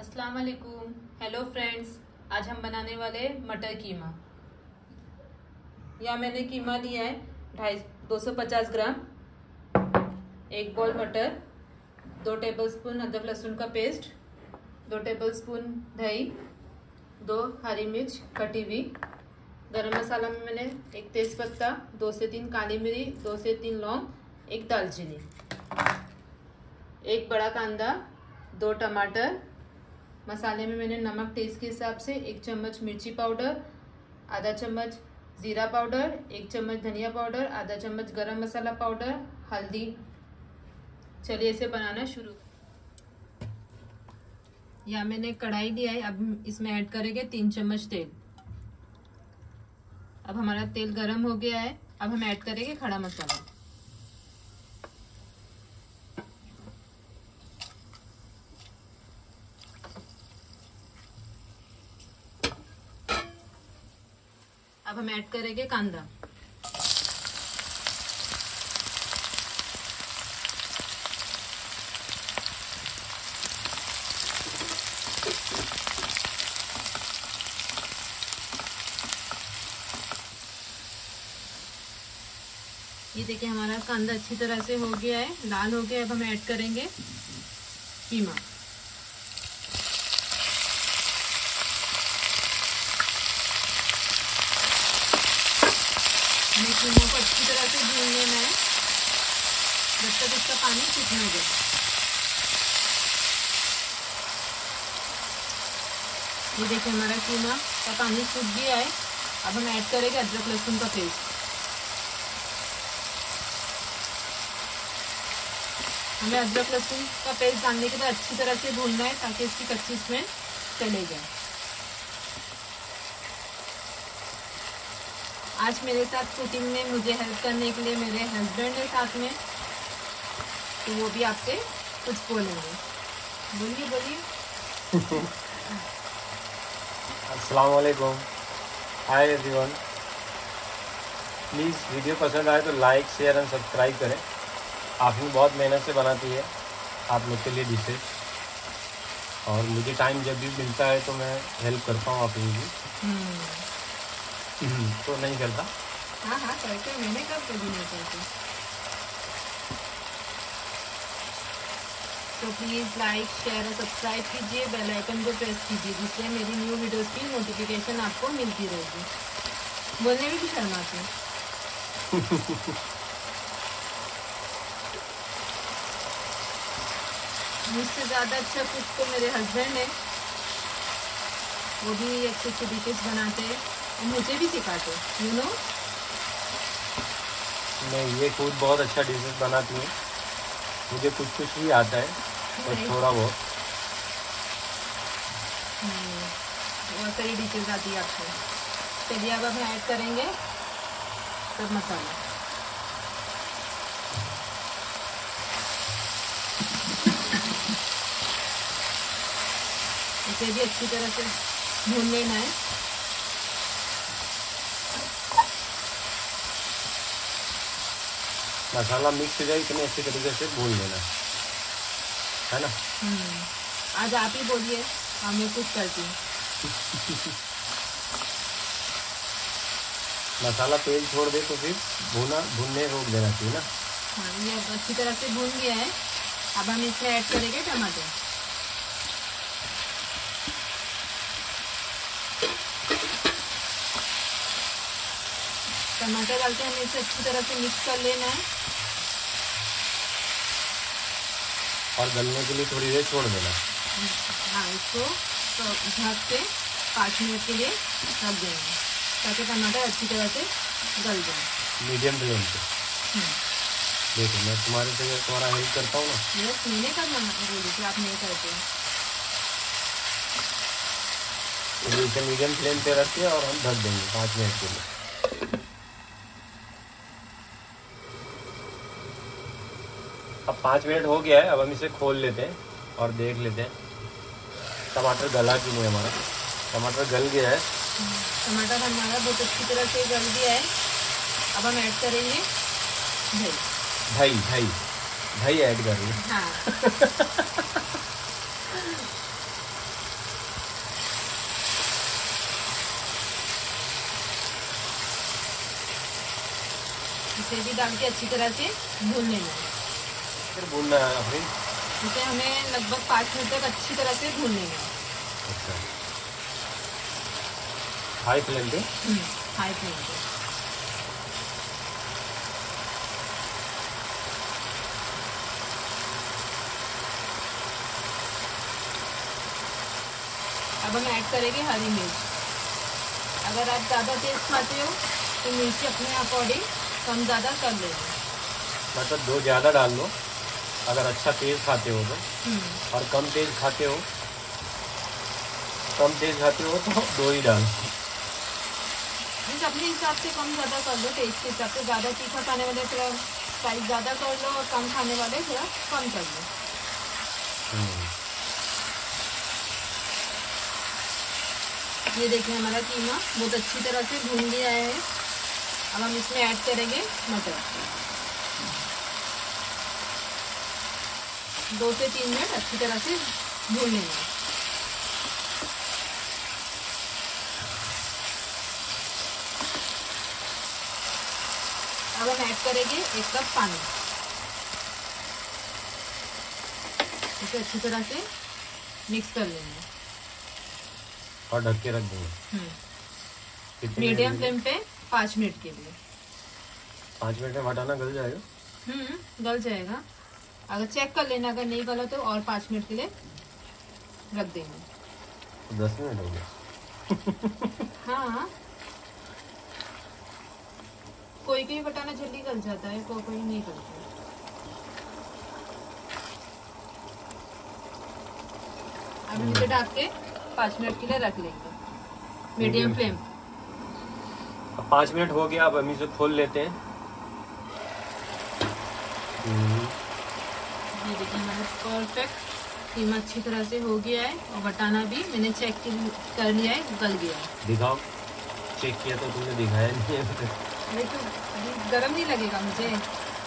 अस्सलाम वालेकुम hello friends आज हम बनाने वाले मटर कीमा यह मैंने कीमा लिया है ढाई दो सौ पचास ग्राम एक बॉल मटर दो टेबलस्पून अदरक लहसुन का पेस्ट दो टेबलस्पून दही दो हरी मिर्च कटी हुई गरम मसाला में मैंने एक तेज़पत्ता दो से तीन काली मिरी दो से तीन लौंग एक दालचीनी एक बड़ा कांदा दो टमाटर मसाले में मैंने नमक टेस्ट के हिसाब से एक चम्मच मिर्ची पाउडर आधा चम्मच ज़ीरा पाउडर एक चम्मच धनिया पाउडर आधा चम्मच गरम मसाला पाउडर हल्दी चलिए इसे बनाना शुरू या मैंने कढ़ाई दिया है अब इसमें ऐड करेंगे तीन चम्मच तेल अब हमारा तेल गरम हो गया है अब हम ऐड करेंगे खड़ा मसाला अब हम ऐड करेंगे कांदा ये देखिए हमारा कांदा अच्छी तरह से हो गया है लाल हो गया अब हम ऐड करेंगे कीमा हमें को अच्छी तरह से भून लेना है जब तक इसका पानी सूखने दे ये देखिए हमारा कीमा का पानी सूख गया है अब हम ऐड करेंगे अदरक लहसुन का पेस्ट हमें अदरक लहसुन का पेस्ट डालने के बाद अच्छी तरह से भूनना है ताकि इसकी कच्ची इसमें चले जाए आज मेरे साथ कुकिंग में मुझे हेल्प करने के लिए मेरे हस्बैंड है साथ में तो वो भी आपसे कुछ बोलेंगे बोलिए बोलिए अस्सलाम वालेकुम हाय एवरीवन प्लीज़ वीडियो पसंद आए तो लाइक शेयर एंड सब्सक्राइब करें आप भी बहुत मेहनत से बनाती है आप लोग के लिए डिशेज़ और मुझे टाइम जब भी मिलता है तो मैं हेल्प करता हूँ आप लोगों की तो नहीं करता हाँ हाँ करते मैंने कब कभी नहीं करती तो प्लीज़ लाइक शेयर और सब्सक्राइब कीजिए बेल आइकन को प्रेस कीजिए जिससे मेरी न्यू वीडियोस की नोटिफिकेशन आपको मिलती रहेगी बोलने में भी शर्मा आती मुझसे ज़्यादा अच्छा कुछ तो मेरे हस्बैंड है वो भी अच्छे अच्छे डिशेज बनाते हैं मुझे भी सिखा दो यू नो मैं ये खुद बहुत अच्छा डिशेज बनाती हूँ मुझे कुछ कुछ भी आता है बस थोड़ा बहुत हम्म, बहुत सारी डिशेज आती है आपको चलिए अब हम ऐड करेंगे सब मसाला इसे भी अच्छी तरह से भून लेना है मसाला मिक्स हो जाए इतने अच्छी तरीके से भून लेना है ना हम्म। आज आप ही बोलिए हमें हाँ, कुछ करती हूँ मसाला तेल छोड़ दे तो फिर भूना भूनने रोक देना चाहिए ना हाँ ये अच्छी तरह से भून गया है अब हम इसमें ऐड करेंगे टमाटर टमाटर तो डाल के हमें इसे अच्छी तरह से मिक्स कर लेना है और गलने के लिए थोड़ी देर छोड़ देना हाँ इसको तो ढक के पाँच मिनट के लिए रख देंगे ताकि टमाटर अच्छी तरह से गल जाए मीडियम फ्लेम पे हम्म। देखो मैं तुम्हारे से तुम्हारा हेल्प करता हूँ ना यस मैंने करना बोली थी आप नहीं करते तो इसे मीडियम फ्लेम पे रखिए और हम ढक देंगे पाँच मिनट के लिए पाँच मिनट हो गया है अब हम इसे खोल लेते हैं और देख लेते हैं टमाटर गला कि नहीं हमारा टमाटर गल गया है टमाटर हमारा बहुत अच्छी तरह से गल गया है अब हम ऐड करेंगे दही दही दही दही ऐड कर रही हाँ। इसे भी डाल के अच्छी तरह से भून लेना है फिर भूनना है हमें ठीक हमें लगभग पाँच मिनट तक अच्छी तरह से भूनने है अच्छा हाई फ्लेम पे हाई फ्लेम पे अब हम ऐड करेंगे हरी मिर्च अगर आप ज़्यादा तेज खाते हो तो मिर्ची अपने अकॉर्डिंग कम ज़्यादा कर लेंगे मतलब दो ज़्यादा डाल लो अगर अच्छा तेज़ खाते हो तो हम्म। और कम तेज़ खाते हो कम तेज़ खाते हो तो दो ही डाल अपने हिसाब से कम ज़्यादा कर लो टेस्ट के हिसाब से ज़्यादा तीखा खाने वाले थोड़ा स्पाइस ज़्यादा कर लो और कम खाने वाले थोड़ा कम कर लो हम्म। ये देखिए हमारा कीमा बहुत अच्छी तरह से भून गया है अब हम इसमें ऐड करेंगे मटर दो से तीन मिनट अच्छी तरह से भून लेंगे अब हम ऐड करेंगे एक कप पानी इसे अच्छी तरह से मिक्स कर लेंगे और ढक के रख देंगे हम्म। मीडियम फ्लेम पे पाँच मिनट के लिए पांच मिनट में हटाना गल जाएगा हम्म गल जाएगा अगर चेक कर लेना अगर नहीं बोला तो और पाँच मिनट के लिए रख देंगे दस मिनट हो गया हाँ कोई कोई बटाना जल्दी गल जाता है कोई कोई नहीं गलता अब नीचे डाल हम्म। के पाँच मिनट के लिए रख लेंगे मीडियम फ्लेम पाँच मिनट हो गया अब हम इसे खोल लेते हैं हम्म। परफेक्ट कीमा अच्छी तरह से हो गया है और बटाना भी मैंने चेक कर लिया है गल गया है दिखाओ चेक किया तो तुमने दिखाया नहीं है नहीं तो गर्म नहीं लगेगा मुझे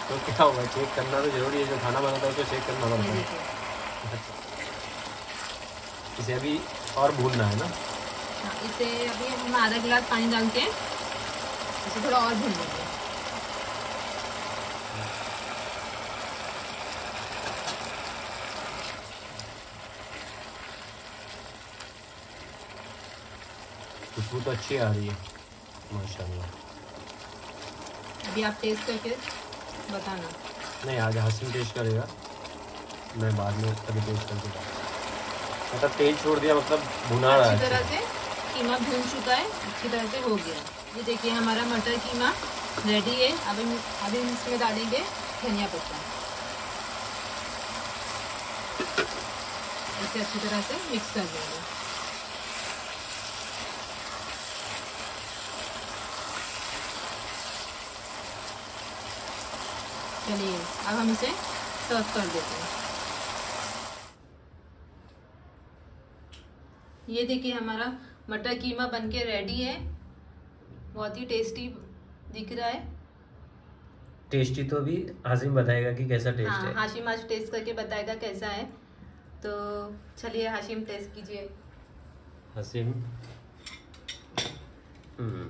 तो क्या होगा चेक करना तो जरूरी है जो खाना बनाता है उसको चेक करना पड़ता है इसे अभी और भूनना है ना हाँ, इसे अभी हम आधा गिलास पानी डालते हैं इसे थोड़ा और भून लेंगे खुशबू तो अच्छी आ रही है माशाल्लाह अभी आप टेस्ट करके बताना नहीं आज हसन टेस्ट करेगा मैं बाद में कभी टेस्ट करके मतलब तेल छोड़ दिया मतलब भुना रहा है अच्छी तरह से कीमा भून चुका है अच्छी तरह से हो गया ये देखिए हमारा मटर कीमा रेडी है अभी अभी इसमें डालेंगे धनिया पत्ता ऐसे अच्छी तरह से मिक्स कर देंगे चलिए अब हम इसे सर्व कर देते हैं ये देखिए हमारा मटर कीमा बनके रेडी है बहुत ही टेस्टी दिख रहा है टेस्टी तो भी हाशिम बताएगा कि कैसा टेस्ट हाँ, है हाशिम आज टेस्ट करके बताएगा कैसा है तो चलिए हाशिम टेस्ट कीजिए हाशिम हम्म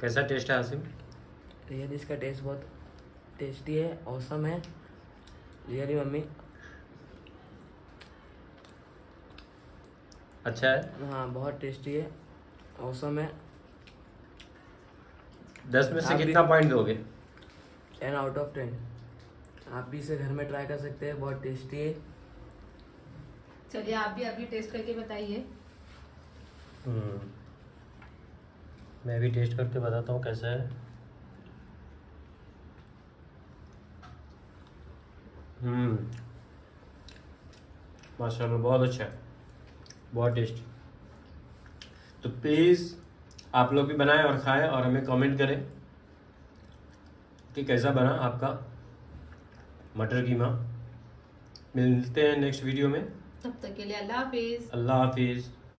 कैसा टेस्ट है आसिम रियली इसका टेस्ट बहुत टेस्टी है औसम है रियली मम्मी अच्छा है हाँ बहुत टेस्टी है औसम है दस में से कितना पॉइंट दोगे टेन आउट ऑफ टेन आप भी इसे घर में ट्राई कर सकते हैं बहुत टेस्टी है चलिए आप भी अभी टेस्ट करके बताइए हम्म। मैं भी टेस्ट करके बताता हूँ कैसा है हम्म। माशाल्लाह बहुत अच्छा है बहुत टेस्ट तो प्लीज़ आप लोग भी बनाएं और खाएं और हमें कमेंट करें कि कैसा बना आपका मटर कीमा मिलते हैं नेक्स्ट वीडियो में तब तक के लिए अल्लाह हाफिज़ अल्लाह हाफिज़